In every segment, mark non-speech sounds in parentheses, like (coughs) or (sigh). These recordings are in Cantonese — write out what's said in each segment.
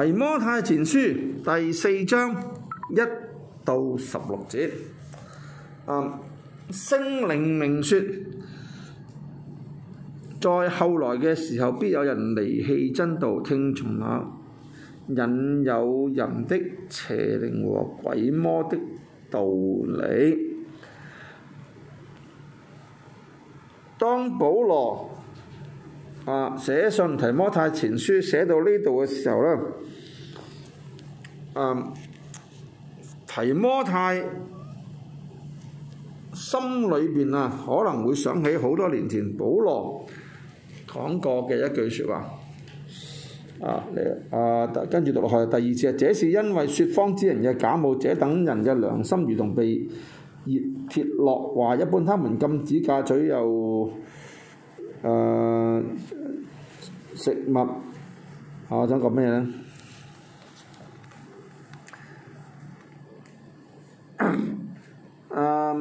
《提摩太前書》第四章一到十六節，啊，聖靈明説，在後來嘅時候，必有人離棄真道，聽從那引誘人的邪靈和鬼魔的道理。當保羅啊寫信《提摩太前書》寫到呢度嘅時候咧。Um, 提摩太心裏邊啊，可能會想起好多年前保羅講過嘅一句説話。啊，你啊，跟住讀落去第二次，這是因為説謊之人嘅假冒，這等人嘅良心如同被熱鐵烙。話一般，他們禁止嫁娶又誒、啊、食物。我、啊、想講咩呢？ (coughs) 啊！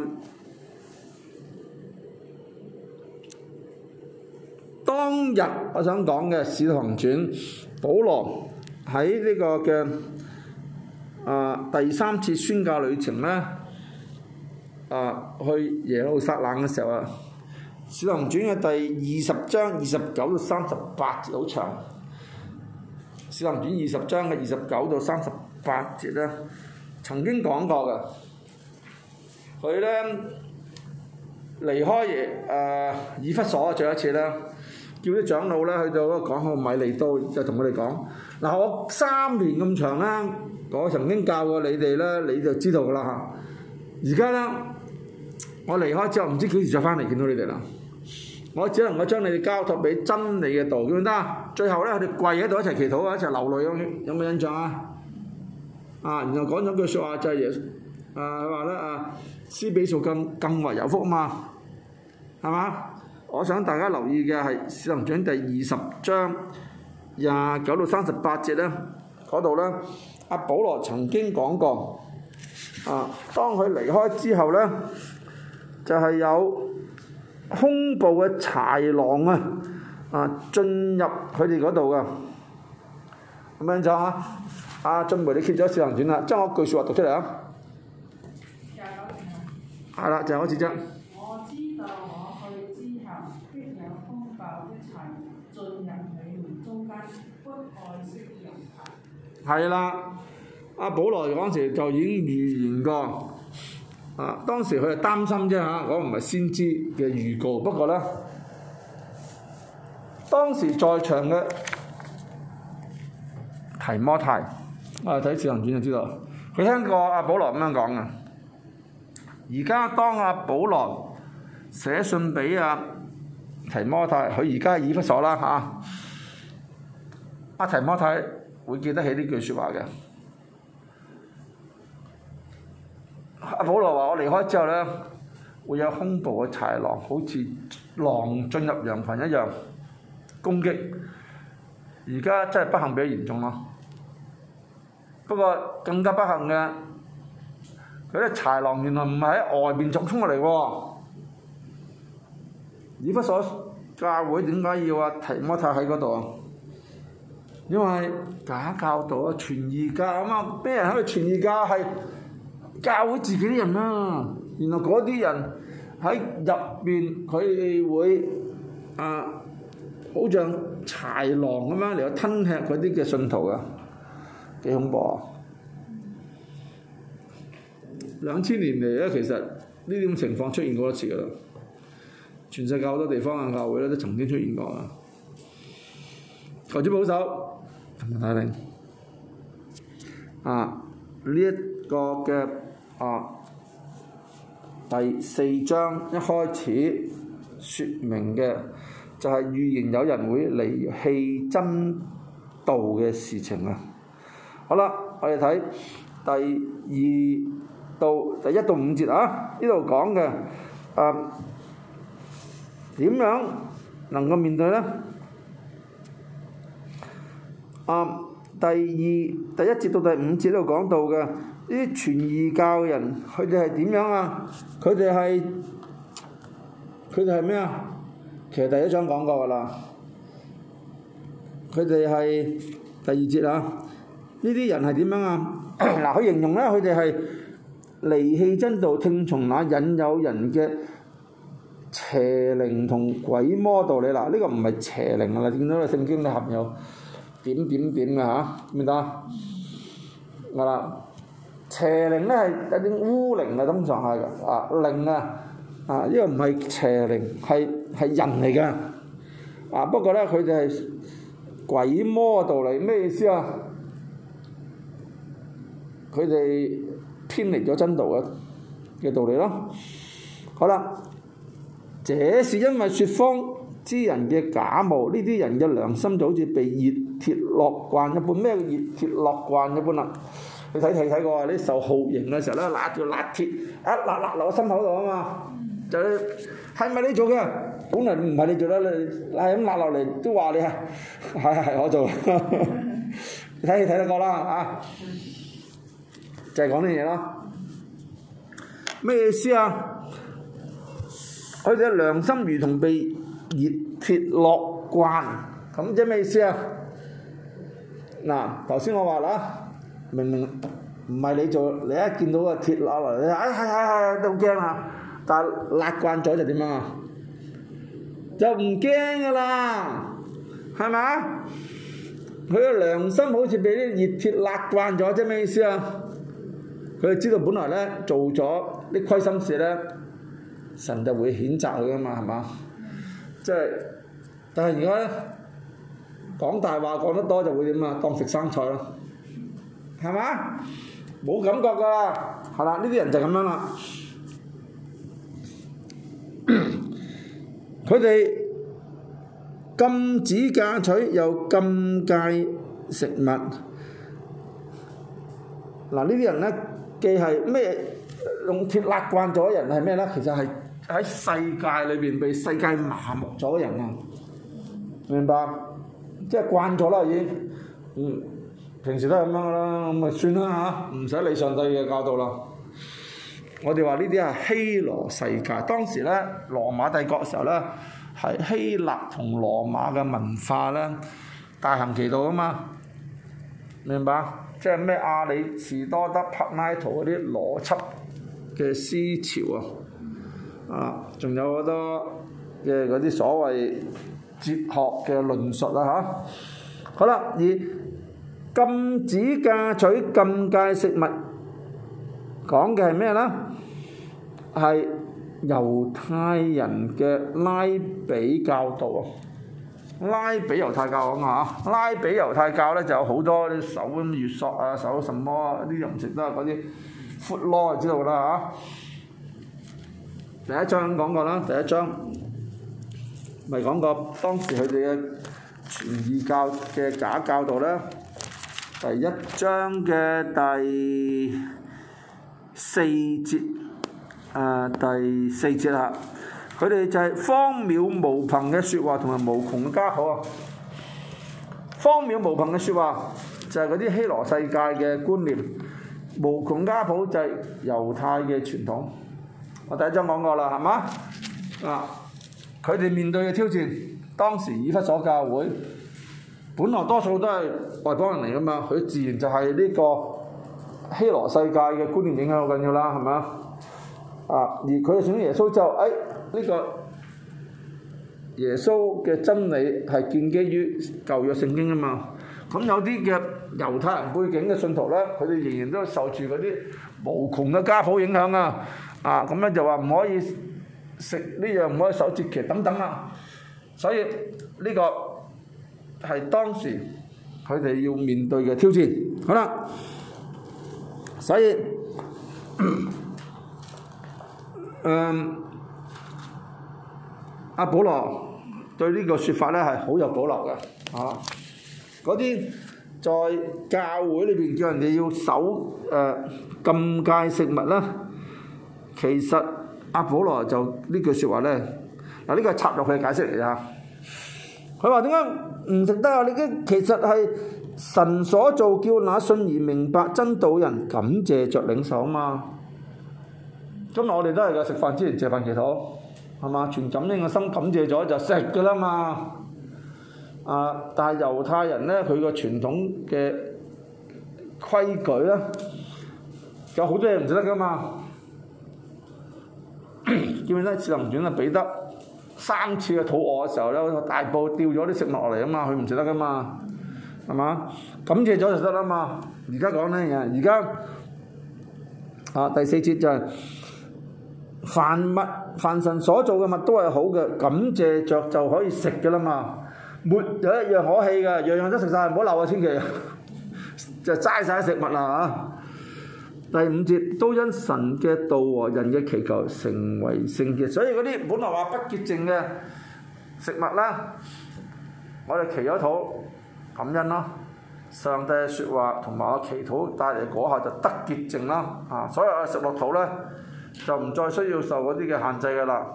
當日我想講嘅《小紅傳》寶，保羅喺呢個嘅啊第三次宣教旅程呢，啊去耶路撒冷嘅時候啊，《使徒行傳》嘅第二十章二十九到三十八節好長，《使徒行傳》二十章嘅二十九到三十八節呢，曾經講過㗎。佢咧離開耶，誒、呃、以弗所最後一次咧，叫啲長老咧去到嗰個港口米利都，就同佢哋講：嗱，我三年咁長啦，我曾經教過你哋咧，你就知道啦嚇。而家咧，我離開之後唔知幾時再翻嚟見到你哋啦。我只能夠將你哋交託俾真理嘅道，得唔得？最後咧，佢哋跪喺度一齊祈禱啊，一齊流淚嗰啲，有冇印象啊？啊，然後講咗句説話就係、是：，耶，佢話咧啊。施比受更更為有福嘛，係嘛？我想大家留意嘅係《使徒行傳》第二十章廿九到三十八節咧，嗰度咧，阿、啊、保羅曾經講過，啊，當佢離開之後咧，就係、是、有凶暴嘅豺狼啊，啊，進入佢哋嗰度㗎，咁樣就啊，阿俊梅你揭咗《使徒行傳》啦，將我句説話讀出嚟啊！係啦，就係嗰次啫。我知道我去之後，必有風暴一塵進入你們中間，不害先人。係啦，阿、啊、保羅嗰時就已經預言過。啊，當時佢就擔心啫嚇，我唔係先知嘅預告。不過咧，當時在場嘅提摩太，啊睇《使徒行傳》就知道，佢聽過阿、啊、保羅咁樣講嘅。而家當阿保羅寫信俾阿提摩太，佢而家已不傻啦嚇。阿、啊、提摩太會記得起呢句説話嘅。阿保羅話：我離開之後呢，會有兇暴嘅豺狼，好似狼進入羊群一樣攻擊。而家真係不幸比較嚴重咯。不過更加不幸嘅。嗰啲豺狼原來唔係喺外面仲衝過嚟喎。而不所教會點解要啊？提摩太喺嗰度，因為假教徒啊，傳義教啊嘛，咩人喺度傳義教係教會自己啲人啦，啊。原來嗰啲人喺入邊佢會啊，好像豺狼咁樣嚟吞吃嗰啲嘅信徒啊，幾恐怖啊！兩千年嚟咧，其實呢種情況出現過一次噶啦，全世界好多地方嘅教會咧都曾經出現過求求啊。求主保守，同埋睇定啊，呢一個嘅啊第四章一開始説明嘅就係預言有人會離棄真道嘅事情啊。好啦，我哋睇第二。到第一到五節啊，呢度講嘅啊點樣能夠面對呢？啊，第二第一節到第五節喺度講到嘅，呢啲傳異教人佢哋係點樣啊？佢哋係佢哋係咩啊？其實第一章講過㗎啦，佢哋係第二節啊，呢啲人係點樣啊？嗱，佢形容咧，佢哋係，離棄真道，聽從那引誘人嘅邪靈同鬼魔道理。嗱，呢個唔係邪靈啊！啦，見到你聖經你含有點點點嘅嚇，明唔得啊？嗱，邪靈咧係有啲污靈嘅，噉上下啊靈啊啊，呢個唔係邪靈，係係人嚟嘅。啊，不過咧佢哋係鬼魔道理咩意思啊？佢哋偏離咗真道嘅嘅道理咯，好啦，這是因為説謊之人嘅假冒，呢啲人嘅良心就好似被熱鐵烙慣一般，咩叫熱鐵烙慣一般啦？你睇睇睇過啊？你受酷刑嘅時候咧，焫條焫鐵，一、啊、辣辣落個心口度啊嘛，就係、係、咪你做嘅？本來唔係你做啦，你係咁辣落嚟都話你啊，係係、哎哎哎、我做，睇 (laughs) (laughs) 你睇得過啦啊！啊就係講呢嘢咯。咩意思啊？佢哋良心如同被熱鐵烙慣，咁即係咩意思啊？嗱，頭先我話啦，明明唔係你做，你一見到個鐵攞落嚟，你話係係係，就驚啦。但係烙慣咗就點啊？就唔驚噶啦，係咪啊？佢嘅良心好似被啲熱鐵烙慣咗，即係咩意思啊？佢哋知道本來咧做咗啲虧心事咧，神就會譴責佢噶嘛，係嘛？即係，但係而家講大話講得多就會點啊？當食生菜咯，係嘛？冇感覺噶啦，係啦，呢啲人就係咁樣啦。佢哋禁止嫁娶又禁戒食物，嗱呢啲人咧。既係咩用鐵烙慣咗人係咩咧？其實係喺世界裏邊被世界麻木咗人啊！明白，即係慣咗啦已經。嗯，平時都係咁樣噶啦，咁咪算啦吓，唔使理上帝嘅教導啦。我哋話呢啲係希羅世界，當時咧羅馬帝國嘅時候咧，係希臘同羅馬嘅文化咧大行其道啊嘛，明白？即係咩阿里、士多德、柏拉圖嗰啲邏輯嘅思潮啊！啊，仲有好多嘅嗰啲所謂哲學嘅論述啊。嚇、啊。好啦，而禁止嫁娶、禁戒食物，講嘅係咩咧？係猶太人嘅拉比教導、啊。拉比猶太教，咁啊嚇，拉比猶太教咧就有好多啲手咁越索啊，手什麼啊，啲又唔食得嗰啲闊羅就知道啦嚇。第一章講過啦，第一章咪講過當時佢哋嘅偽教嘅假教導咧，第一章嘅第四節啊，第四節啦。佢哋就係荒渺無憑嘅説話，同埋無窮嘅家譜啊！荒渺無憑嘅説話就係嗰啲希羅世界嘅觀念，無窮家譜就係猶太嘅傳統。我第一章講過啦，係嘛？啊！佢哋面對嘅挑戰，當時以弗所教會本來多數都係外邦人嚟㗎嘛，佢自然就係呢個希羅世界嘅觀念影響好緊要啦，係嘛？啊！而佢哋信咗耶穌之後，誒、哎、～呢個耶穌嘅真理係建基於舊約聖經啊嘛，咁有啲嘅猶太人背景嘅信徒呢，佢哋仍然都受住嗰啲無窮嘅家譜影響啊，啊咁咧就話唔可以食呢樣，唔可以守節期等等啊，所以呢個係當時佢哋要面對嘅挑戰，好啦，所以嗯。阿保羅對呢個説法咧係好有保留嘅，嚇！嗰啲在教會裏邊叫人哋要守、呃、禁戒食物啦，其實阿保羅就呢句説話咧，嗱、呢個係插入去嘅解釋嚟啊！佢話點解唔食得啊？你嘅其實係神所造，叫那信而明白真道人感謝着領受啊嘛！今日我哋都係嘅，食飯之前謝飯祈禱。係嘛？全感恩嘅心，感謝咗就食噶啦嘛。啊！但係猶太人咧，佢個傳統嘅規矩咧，有好多嘢唔食得噶嘛。記唔記得《聖經》唔轉啊？彼得三次嘅肚餓嘅時候咧，大布掉咗啲食落嚟啊嘛，佢唔食得噶嘛。係嘛？感謝咗就得啦嘛。而家講咧嘢，而家啊第四節就係。凡物凡神所做嘅物都係好嘅，感謝着就可以食噶啦嘛，沒有一樣可棄嘅，樣樣都食晒，唔好漏啊！千祈就齋晒食物啦嚇、啊。第五節都因神嘅道和人嘅祈求成為聖潔，所以嗰啲本來話不潔淨嘅食物啦，我哋祈咗禱感恩咯，上帝嘅説話同埋我祈禱帶嚟嗰下就得潔淨啦啊！所以我哋食落肚咧。就唔再需要受嗰啲嘅限制嘅啦。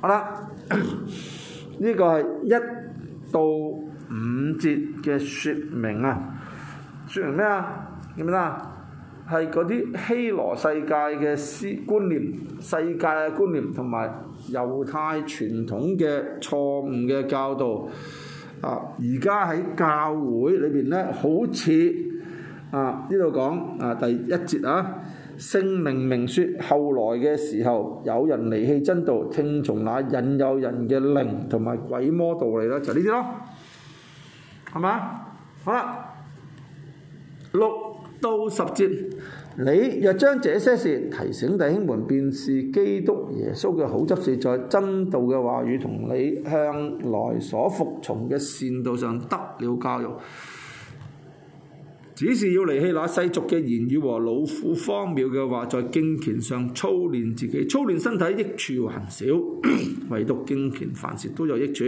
好 (coughs) 啦，呢、這個係一到五節嘅説明啊。説明咩啊？見唔見啊？係嗰啲希羅世界嘅思觀念、世界嘅觀念，同埋猶太傳統嘅錯誤嘅教導啊在在教。啊，而家喺教會裏邊咧，好似啊呢度講啊第一節啊。聖靈明説：後來嘅時候，有人離棄真道，聽從那引誘人嘅靈同埋鬼魔道理啦，就呢、是、啲咯，係嘛？好啦，六到十節，你若將這些事提醒弟兄們，便是基督耶穌嘅好執事，在真道嘅話語同你向來所服從嘅善道上得了教育。只是要離棄那世俗嘅言語和老婦荒謬嘅話，在敬虔上操練自己，操練身體益處還少， (coughs) 唯獨敬虔凡事都有益處，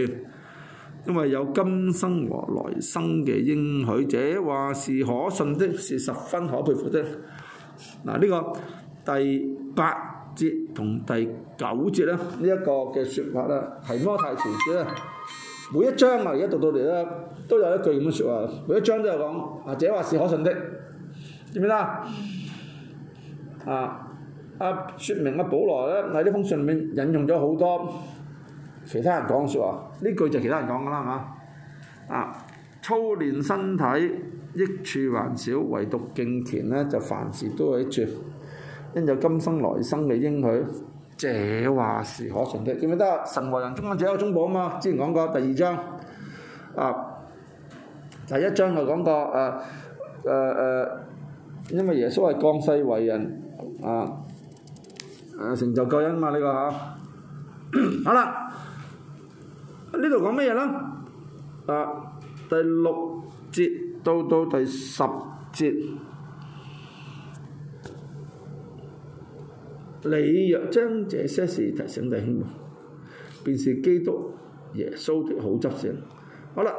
因為有今生和來生嘅應許者，這話是可信的，是十分可佩服的。嗱、這個，呢個第八節同第九節呢，呢、這、一個嘅説法咧，係提摩太前書。每一章啊，而家讀到嚟咧，都有一句咁嘅説話。每一章都有講，或者話是可信的，知唔知啊？啊，説明啊，保羅咧，喺呢封信裡面引用咗好多其他人講嘅説話。呢句就其他人講嘅啦，嚇。啊，操練身體益處還少，唯獨敬虔咧就凡事都有益處。因有今生來生嘅應許。這話是可信的，記唔記得？神和人中間只有中保啊嘛！之前講過第二章，啊，第一章就講過誒誒誒，因為耶穌係降世為人啊，誒成就救恩嘛呢、這個嚇、啊。 (coughs) 好啦，講呢度講咩嘢啦？啊，第六節到到第十節。你若將這些事提醒弟兄，便是基督耶穌的好執事。好啦，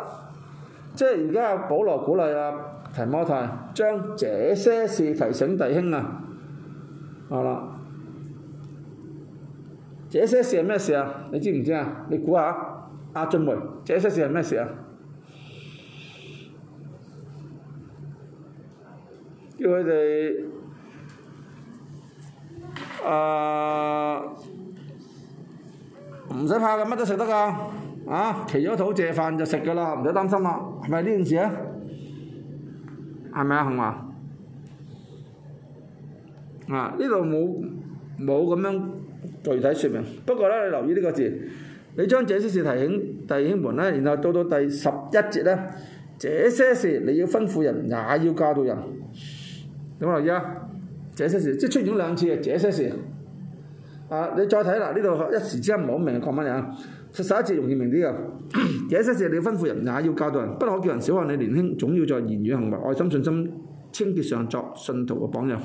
即係而家啊，保羅鼓勵啊提摩太將這些事提醒弟兄啊，好啦，這些事係咩事啊？你知唔知啊？你估下阿俊梅，這些事係咩事啊？叫佢哋。誒唔使怕嘅，乜都食得噶，啊，祈咗禱謝飯就食噶啦，唔使擔心啦，係咪呢件事咧？係咪啊？行話啊？呢度冇冇咁樣具體説明，不過咧，你留意呢個字，你將這些事提醒弟兄們咧，然後到到第十一節咧，這些事你要吩咐人，也要教導人，點留意啊？這些事即係出現咗兩次啊！這些事啊，你再睇啦，呢度一時之間唔好明白，講乜嘢啊？實實一節容易明啲嘅，這些事你要吩咐人也要教導人，不可叫人小看你年輕，總要在言語、行為、愛心、信心、清潔上作信徒嘅榜樣。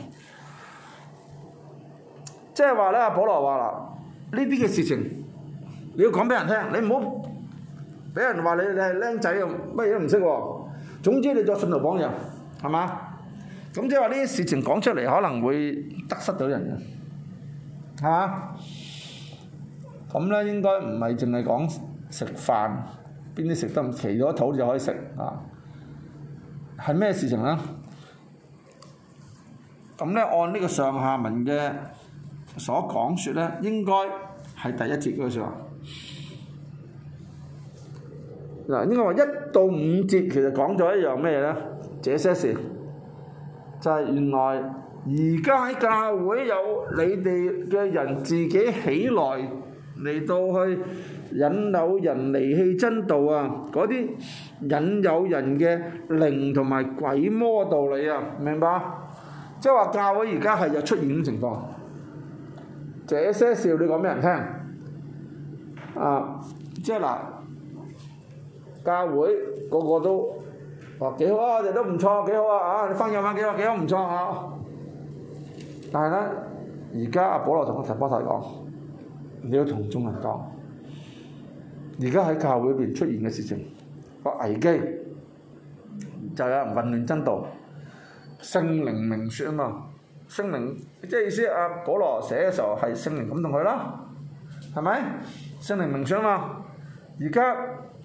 即係話呢，阿保羅話啦，呢啲嘅事情你要講俾人聽，你唔好俾人話你你係僆仔啊，乜嘢都唔識喎。總之你做信徒榜樣，係嘛？咁即係話呢啲事情講出嚟可能會得失到人嘅，係嘛？咁咧應該唔係淨係講食飯，邊啲食得，唔齊咗肚就可以食啊？係咩事情咧？咁咧按呢個上下文嘅所講説咧，應該係第一節嗰句説話。嗱，應該話一到五節其實講咗一樣咩咧？這些事。就係原來而家喺教會有你哋嘅人自己起來嚟到去引誘人離棄真道啊！嗰啲引誘人嘅靈同埋鬼魔道理啊，明白？即係話教會而家係有出現咁情況，這些事你講俾人聽啊！即係嗱，教會個個都。哦，幾好啊！我哋都唔錯，幾好啊！啊，你分享翻幾好，幾好，唔錯嚇。但係呢，而家阿保羅同阿提摩太講，你要同眾人講。而家喺教會裏邊出現嘅事情個危機，就有人混亂真道，聖靈明説啊嘛，聖靈即係意思阿、啊、保羅寫嘅時候係聖靈感動佢啦，係咪？聖靈明説嘛，而家。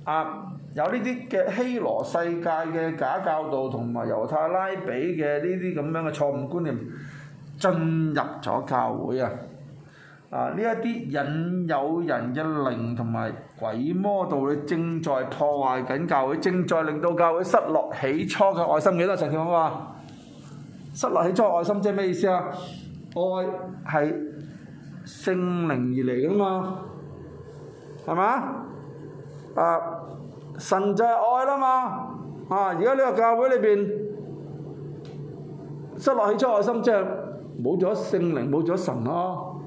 啊！有呢啲嘅希羅世界嘅假教導同埋猶太拉比嘅呢啲咁樣嘅錯誤觀念進入咗教會啊！啊！呢一啲引誘人嘅靈同埋鬼魔道理正在破壞緊教會，正在令到教會失落起初嘅愛心嘅，記得成日講話。失落起初愛心即係咩意思啊？愛係聖靈而嚟噶嘛？係嘛？啊！神就係愛啦嘛！啊！而家呢個教會裏邊失落起初愛心，即係冇咗聖靈、冇咗神咯！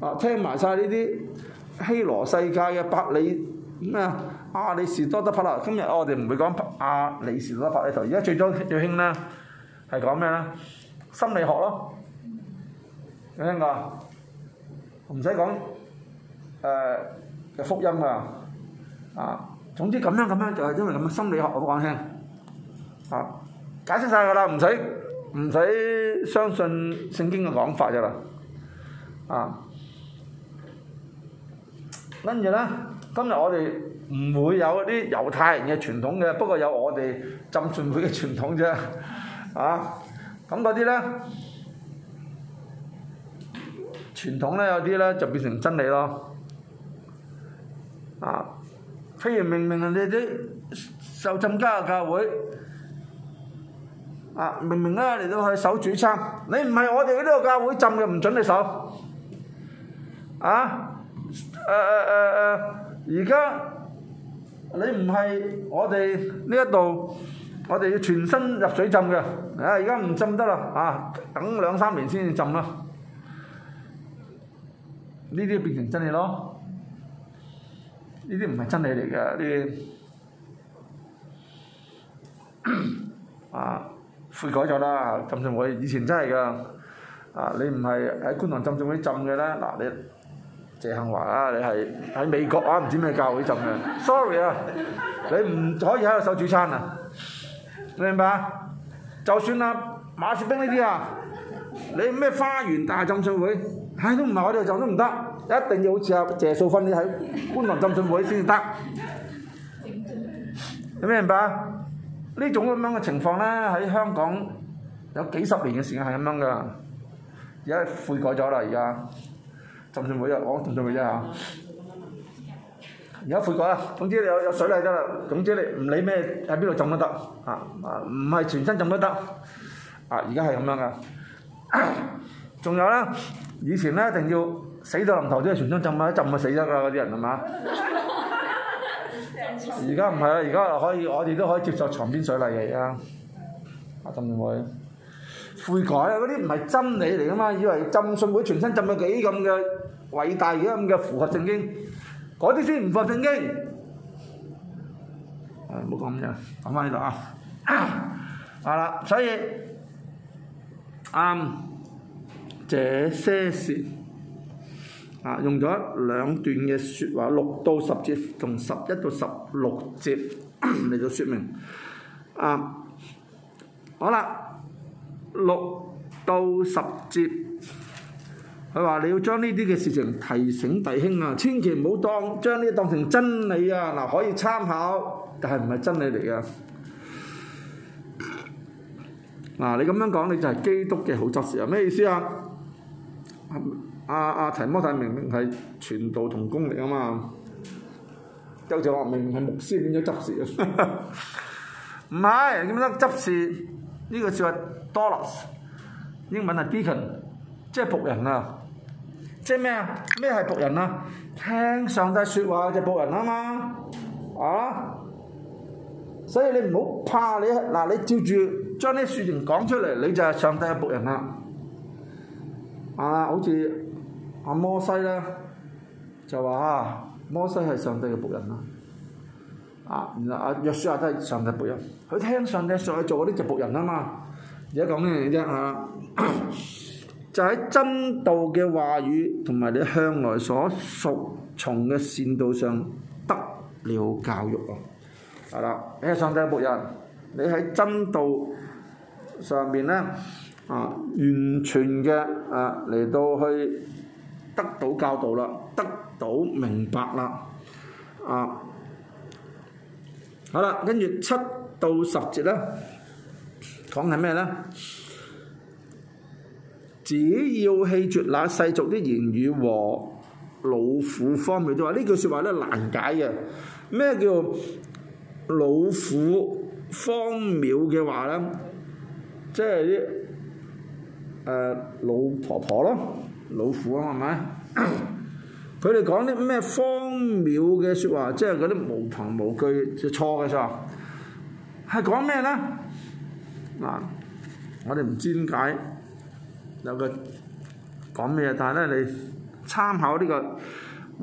啊，聽埋曬呢啲希羅世界嘅百里咩啊？亞里士多德柏拉，今日我哋唔會講柏啊亞里士多德柏拉，而家最多最興咧係講咩咧？心理學咯，有聽過？唔使講誒嘅福音啊！啊，總之咁樣咁樣就係因為咁樣心理學講輕，啊解釋晒噶啦，唔使唔使相信聖經嘅講法噶啦，啊，跟住呢，今日我哋唔會有啲猶太人嘅傳統嘅，不過有我哋浸信會嘅傳統啫，啊咁嗰啲呢，傳統呢，有啲呢就變成真理咯，啊。譬如明明啊，你啲受浸家教會，明明啦，嚟到去守主餐，你唔係我哋呢個教會浸嘅，唔准你守，啊，誒誒誒誒，而家、啊、你唔係我哋呢一度，我哋要全身入水浸嘅，啊而家唔浸得啦、啊，等兩三年先至浸啦，呢啲變成真嘅咯。呢啲唔係真理嚟嘅，呢啲 (coughs) 啊悔改咗啦！浸信會以前真係㗎，啊你唔係喺觀塘浸信會浸嘅咧，嗱、啊、你謝幸華啊，你係喺美國啊唔知咩教會浸嘅，sorry 啊，你唔可以喺度守主餐啊，明唔明啊？就算啊馬雪冰呢啲啊，你咩花園大浸信會，唉、哎、都唔係我哋浸都唔得。一定要好似阿謝素芬啲喺觀塘浸水會先得， (laughs) 有咩人吧？呢種咁樣嘅情況咧，喺香港有幾十年嘅時間係咁樣噶，而家悔改咗啦，而家浸水會啊，我、哦、浸水會一下，而、啊、家悔改啦。總之你有有水嚟得啦，總之你唔理咩喺邊度浸都得，啊啊唔係全身浸都得，啊而家係咁樣噶。仲、啊、有咧，以前咧一定要。死到臨頭都係全身浸啊！一浸咪死得啦！嗰啲人係嘛？而家唔係啦，而家可以我哋都可以接受牀邊水禮嚟嘅而家。浸會悔改啊！嗰啲唔係真理嚟噶嘛？以為浸信會全身浸到幾咁嘅偉大而家咁嘅符合正經，嗰啲先唔符合正經。唉冇講咁樣，講翻呢度啊。係啦，所以啱這些事。啊，用咗兩段嘅説話，六到十節從十一到十六節嚟到説明。啊，好啦，六到十節，佢話你要將呢啲嘅事情提醒弟兄啊，千祈唔好當將呢啲當成真理啊，嗱、啊、可以參考，但係唔係真理嚟噶。嗱、啊，你咁樣講你就係基督嘅好執事啊？咩意思啊？啊阿阿、啊、提摩太明明係傳道同工力啊嘛，有隻話明明係牧師變咗執事啊，唔係點解？執事呢、呢個叫 Dollars 英文係 deacon，即係僕人啊，即係咩啊？咩係僕人啊？聽上帝説話就僕人啊嘛，啊，所以你唔好怕你嗱、啊，你照住將啲説言講出嚟，你就係上帝嘅僕人啦，啊，好似～阿摩西咧就話啊，摩西係上帝嘅僕人啦，啊，然後阿約書亞都係上帝嘅僕人，佢聽上帝上去做嗰啲就僕人啊嘛。而家講咩嘢啫嚇？就喺真道嘅話語同埋你向來所屬從嘅善道上得了教育啊。係啦，你係上帝嘅僕人，你喺真道上邊咧啊，完全嘅啊嚟到去。得到教導啦，得到明白啦，啊，好啦，跟住七到十節咧，講緊咩咧？只要棄絕那世俗的言語和老婦荒渺的話，句話呢句説話咧難解嘅。咩叫老婦荒渺嘅話咧？即係啲誒老婆婆咯。老虎啊，係咪？佢哋講啲咩荒謬嘅説話，即係嗰啲無憑無據，就錯嘅錯。係講咩咧？嗱，我哋唔知點解有個講咩，但係咧你參考呢個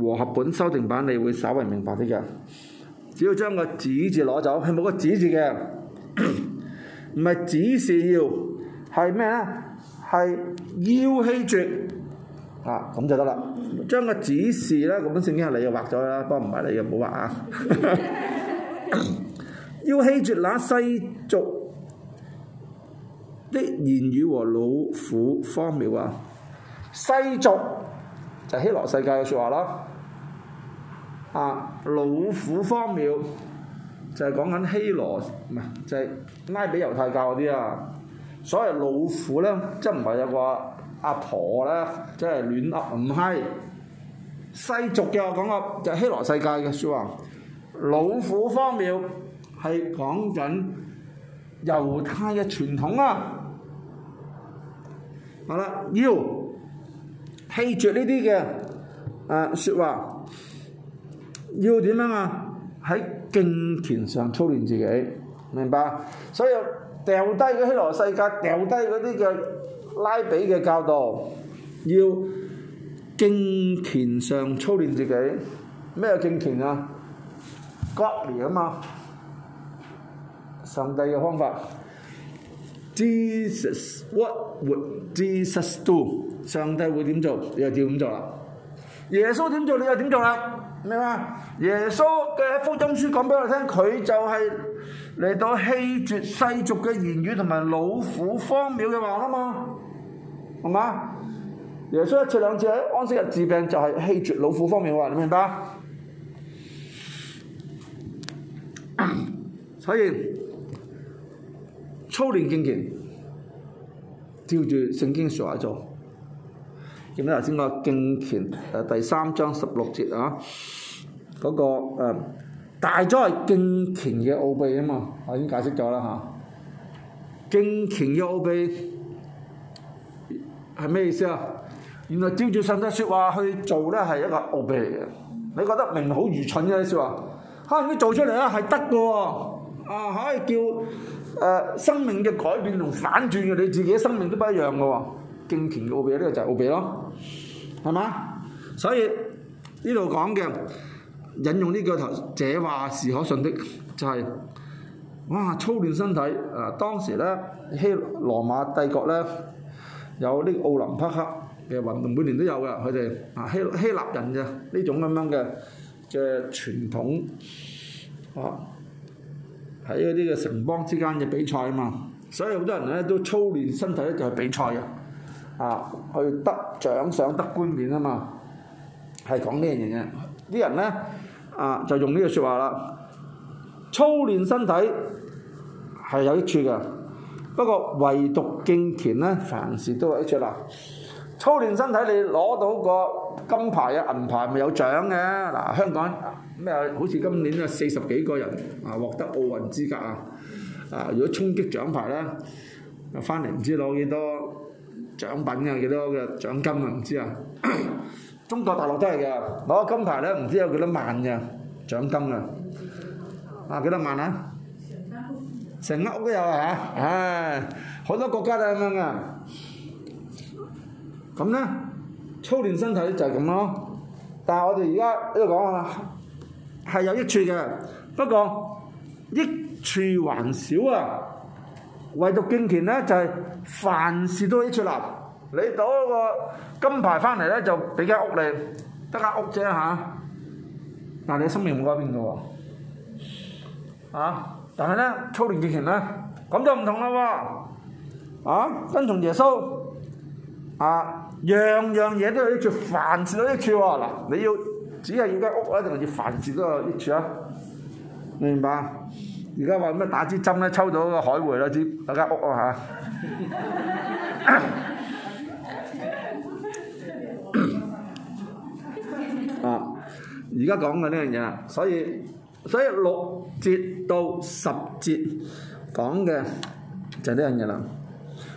和合本修訂版，你會稍為明白啲嘅。只要將個指字攞走，係冇個指字嘅，唔係 (coughs) 指示要係咩咧？係腰氣絕。啊，咁就得啦。嗯、將個指示咧，咁啲聖經係你嘅畫咗啦，不過唔係你嘅，唔好畫啊。要棄絕那世俗的言語和老虎荒謬啊！世俗就希羅世界嘅説話咯。啊，老虎荒謬就係講緊希羅，唔係就係、是、拉比猶太教嗰啲啊。所謂老虎咧，即係唔係就話？阿婆咧，真係亂噏，唔係世俗嘅，我講個就係希臘世界嘅説話。老虎方面係講緊猶太嘅傳統啊。好啦，要棄著呢啲嘅誒説話，要點啊嘛？喺敬虔上操練自己，明白。所以掉低嗰希臘世界，掉低嗰啲嘅。拉比嘅教導，要敬虔上操練自己。咩叫敬虔啊？Godly 啊嘛，上帝嘅方法。Jesus what would Jesus do？上帝會點做，做，做？你又點咁做啦？耶穌點做？你又點做啦？明嘛？耶穌嘅福音書講俾我聽，佢就係、是。嚟到棄絕世俗嘅言語同埋老虎荒謬嘅話啊嘛，係嘛？耶穌一次兩次安息日治病，就係、是、棄絕老虎方面嘅話，你明唔明啊？所以操練敬虔，照住聖經常話做。見到頭先個敬虔第三章十六節啊，嗰、那個誒。嗯大災係敬虔嘅奧秘啊嘛，我已經解釋咗啦嚇。敬虔嘅奧秘係咩意思啊？原來照住神嘅説話去做咧，係一個奧秘嚟嘅。你覺得明好愚蠢嘅啲説話，可、啊、能你做出嚟咧係得嘅喎。啊，可以叫誒、呃、生命嘅改變同反轉嘅你自己生命都不一樣嘅喎、啊。敬虔嘅奧秘呢、這個就係奧秘咯，係嘛？所以呢度講嘅。引用呢個頭，這話是可信的，就係、是，哇！操練身體啊！當時咧希羅馬帝國咧有呢個奧林匹克嘅運動，每年都有嘅。佢哋啊希希臘人嘅呢種咁樣嘅嘅傳統，啊喺呢個城邦之間嘅比賽啊嘛，所以好多人咧都操練身體咧就係比賽嘅，啊去得獎賞得冠冕啊嘛，係講呢樣嘢嘅。啲人咧～啊，就用呢個説話啦。操練身體係有益處嘅，不過唯獨敬虔咧，凡事都有益處啦。操練身體，你攞到個金牌啊銀牌咪有獎嘅，啊。嗱、啊，香港咩、啊、好似今年咧四十幾個人啊，啊獲得奧運資格啊。啊，如果衝擊獎牌咧，翻嚟唔知攞幾多獎品嘅，啊，幾多嘅獎金啊？唔知啊。中國大陸都係嘅，攞金牌咧唔知有幾多萬嘅獎金㗎，啊，幾多萬啊？成屋都有嚇，唉，好多國家都咁樣㗎。咁咧，操練身體就係咁咯。但係我哋而家呢度講啊，係有益處嘅，不過益處還少啊。唯獨敬虔咧就係凡事都有益處啦。你攞個金牌翻嚟咧，就俾間屋你，得間屋啫嚇。你心靈唔改變嘅喎，但係呢，操練之前呢，咁就唔同啦喎，啊！跟、啊、從耶穌，啊，樣樣嘢都有益處，凡事都有益處喎、啊。你要只係要間屋一定要是凡事都有益處啊？明白？而家話咩打支針呢，抽到個海匯咯，支嗰間屋啊 (laughs) 而家講嘅呢樣嘢啦，所以所以六節到十節講嘅就係呢樣嘢啦。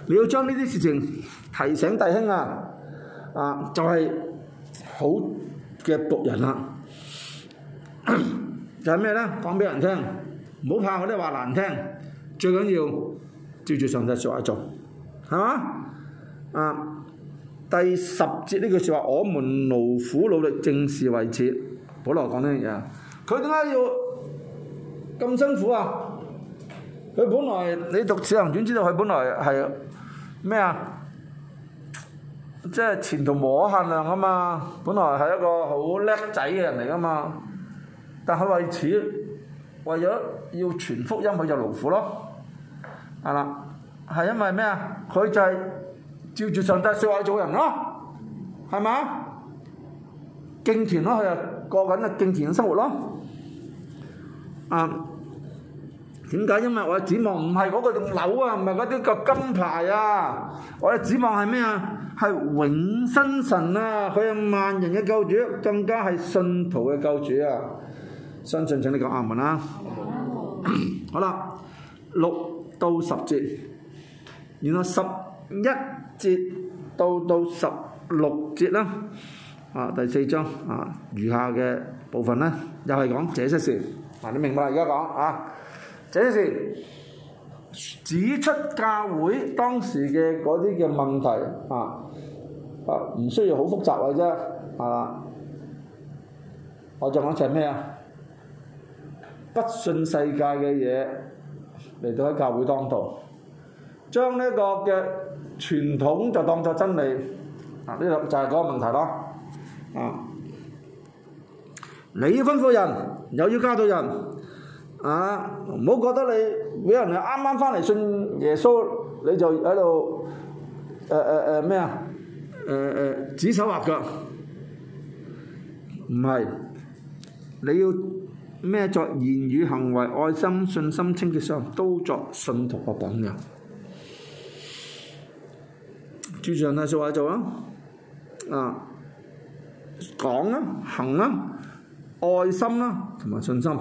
你要將呢啲事情提醒弟兄啊，啊就係好嘅僕人啦。就係咩咧？講俾、 (coughs) 就是、人聽，唔好怕我啲話難聽，最緊要照住上帝嘅説話做，係嘛？啊，第十節呢句説話，我們勞苦努力，正是為此。本來講呢樣嘢，佢點解要咁辛苦啊？佢本來你讀《四行傳》知道佢本來係咩啊？即係前途無可限量啊嘛！本來係一個好叻仔嘅人嚟噶嘛，但佢為此為咗要傳福音，佢就勞苦咯，係啦。係因為咩啊？佢就係照住上帝説話做人咯，係咪啊？敬虔咯，佢啊！過緊嘅敬虔嘅生活咯，啊，點解？因為我哋指望唔係嗰個棟樓啊，唔係嗰啲個金牌啊，我哋指望係咩啊？係永生神啊，佢係萬人嘅救主，更加係信徒嘅救主啊！相信請你講下文啦、啊。 (laughs) 好啦，六到十節，然後十一節到到十六節啦。啊，第四章啊，餘下嘅部分呢，又係講這些事。嗱，你明白而家講啊？這些事指出教會當時嘅嗰啲嘅問題啊，啊，唔需要好複雜嘅啫，係啦。我仲講齊咩啊？不信世界嘅嘢嚟到喺教會當中，將呢一個嘅傳統就當作真理。嗱、啊，呢個就係嗰個問題咯。啊啊！你要吩咐人，又要教導人，啊！唔好覺得你俾人哋啱啱翻嚟信耶穌，你就喺度誒誒誒咩啊？誒、呃、誒、呃呃呃呃、指手畫腳，唔係你要咩作言語行為愛心信心清潔上都作信徒嘅榜樣，照常啦，做下就啦，啊！講啦、啊，行啦、啊，愛心啦、啊，同埋信心，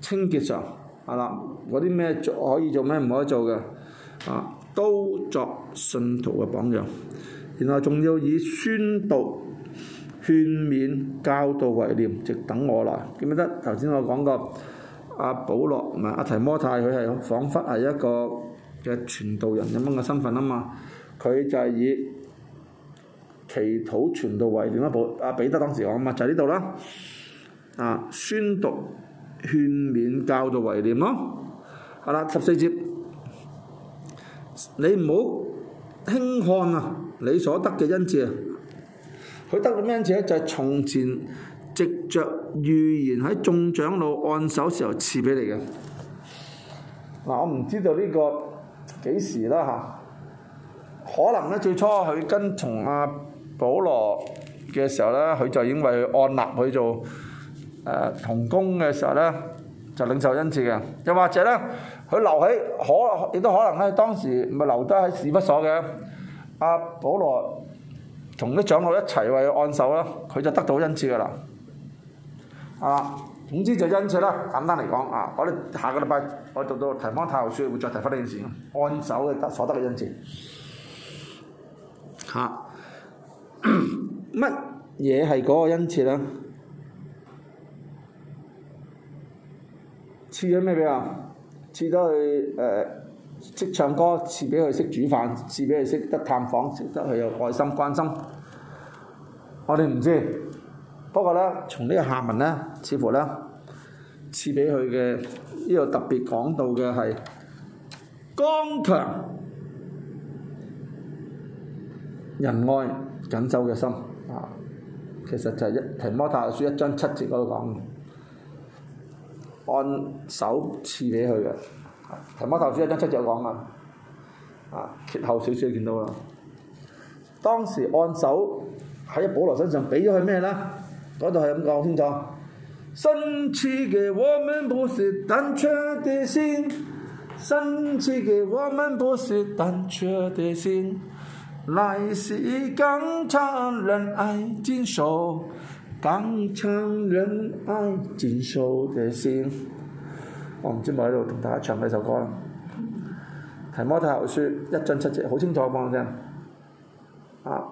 清潔上，係啦，嗰啲咩可以做咩唔可以做嘅，啊，都作信徒嘅榜樣。然後仲要以宣讀、勸勉、教導、為念，直等我來，記唔記得？頭先我講過阿保羅同埋阿提摩太，佢係仿佛係一個嘅傳道人咁樣嘅身份啊嘛，佢就係以。祈禱、傳道為念一部，阿彼得當時講啊，就係呢度啦。啊，宣讀、勸勉、教導、為念咯。係、啊、啦，十四節，你唔好輕看啊，你所得嘅恩賜啊。佢得到咩恩賜咧？就係、是、從前藉著預言喺眾長老按手時候賜俾你嘅。嗱、啊，我唔知道呢個幾時啦嚇、啊，可能咧最初佢跟從阿、啊。保羅嘅時候咧，佢就已經為佢按立佢做誒、呃、同工嘅時候咧，就領受恩賜嘅。又或者咧，佢留喺可，亦都可能咧，當時唔係留得喺以弗所嘅阿、啊、保羅同啲長老一齊為佢按手啦，佢就得到恩賜噶啦。啊，總之就恩賜啦。簡單嚟講啊，我哋下個禮拜我讀到提摩太後書會再提翻呢件事，按手嘅得所得嘅恩賜嚇。乜嘢係嗰個恩賜呢？賜咗咩俾啊？賜咗佢誒識唱歌，賜俾佢識煮飯，賜俾佢識得探訪，識得佢有愛心關心。我哋唔知，不過呢，從呢個下文呢，似乎呢，賜俾佢嘅呢個特別講到嘅係剛強仁愛。謹守嘅心啊，其實就係一《提摩太書》一章七節嗰度講嘅，按手賜俾佢嘅，《提摩太書》一章七節講啊，啊，後少少見到啦。當時按手喺保羅身上俾咗佢咩咧？嗰度係咁講清楚，神賜嘅我們不是膽怯的心，神賜嘅我們不是膽怯的心。來兮，剛強仁愛謹守，剛強仁愛謹守的心。我唔知咪喺度同大家唱呢首歌啦。提摩太後書：一章七節，好清楚，我講先。啊，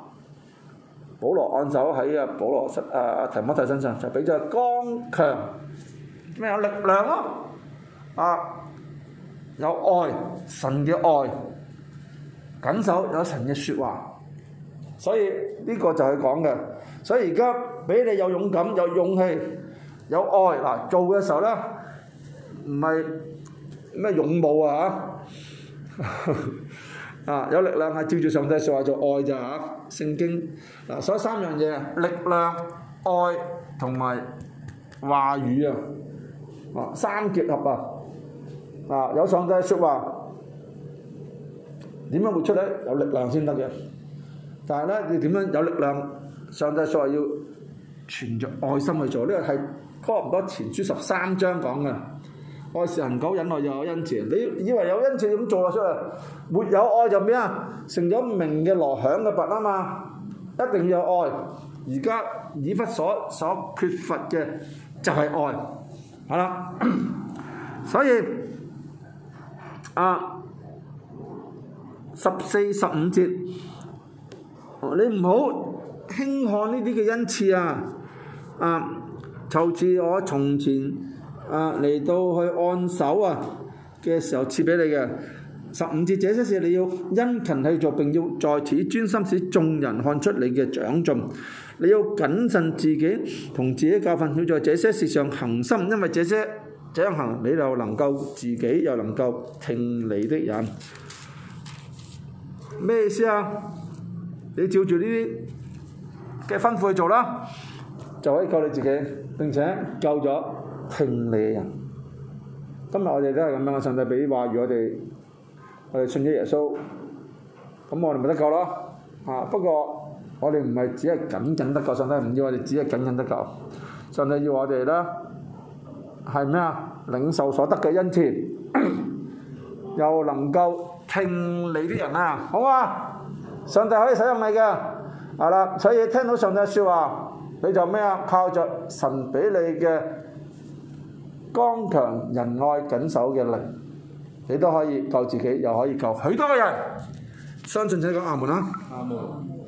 保羅按手喺阿保羅、啊、提摩太身上，就畀咗個剛強，咩有力量咯、啊。啊，有愛，神嘅愛。緊守有神嘅説話，所以呢個就係講嘅。所以而家俾你有勇敢、有勇氣、有愛嗱，做嘅時候咧，唔係咩勇武啊啊， (laughs) 有力量係照住上帝説話做愛咋嚇聖經嗱，所以三樣嘢：力量、愛同埋話語啊，三結合啊，有上帝説話。點樣活出嚟？有力量先得嘅。但係咧，你點樣有力量？上帝説要存著愛心去做，呢、這個係《哥林多前書》十三章講嘅。愛是恆久忍耐又有恩慈。你以為有恩慈咁做落出嚟，沒有愛就咩啊？成咗鳴嘅羅響嘅鈸啊嘛！一定要有愛。而家以弗所所缺乏嘅就係愛，好啦。 (coughs) 所以啊～十四十五節，你唔好輕看呢啲嘅恩賜啊！啊，就似我從前啊嚟到去按手啊嘅時候賜，賜俾你嘅十五節這些事，你要殷勤去做，並要在此專心使眾人看出你嘅長進。你要謹慎自己同自己教訓，要在這些事上恒心，因為這些這樣行，你又能夠自己又能夠聽你的人。咩意思啊？你照住呢啲嘅吩咐去做啦，就可以救你自己，並且救咗聽你嘅人。今日我哋都係咁樣，上帝俾話語我哋，我哋信咗耶穌，咁我哋咪得救咯。啊，不過我哋唔係只係僅僅得救，上帝唔要我哋只係僅僅得救，上帝要我哋啦，係咩啊？領受所得嘅恩賜， (coughs) 又能夠。聽你啲人啊，好啊？上帝可以使用你嘅，係啦，所以聽到上帝說話，你就咩啊？靠着神俾你嘅剛強、仁愛緊守嘅力，你都可以救自己，又可以救許多嘅人。相信嘅請講阿門啦，啊。阿門。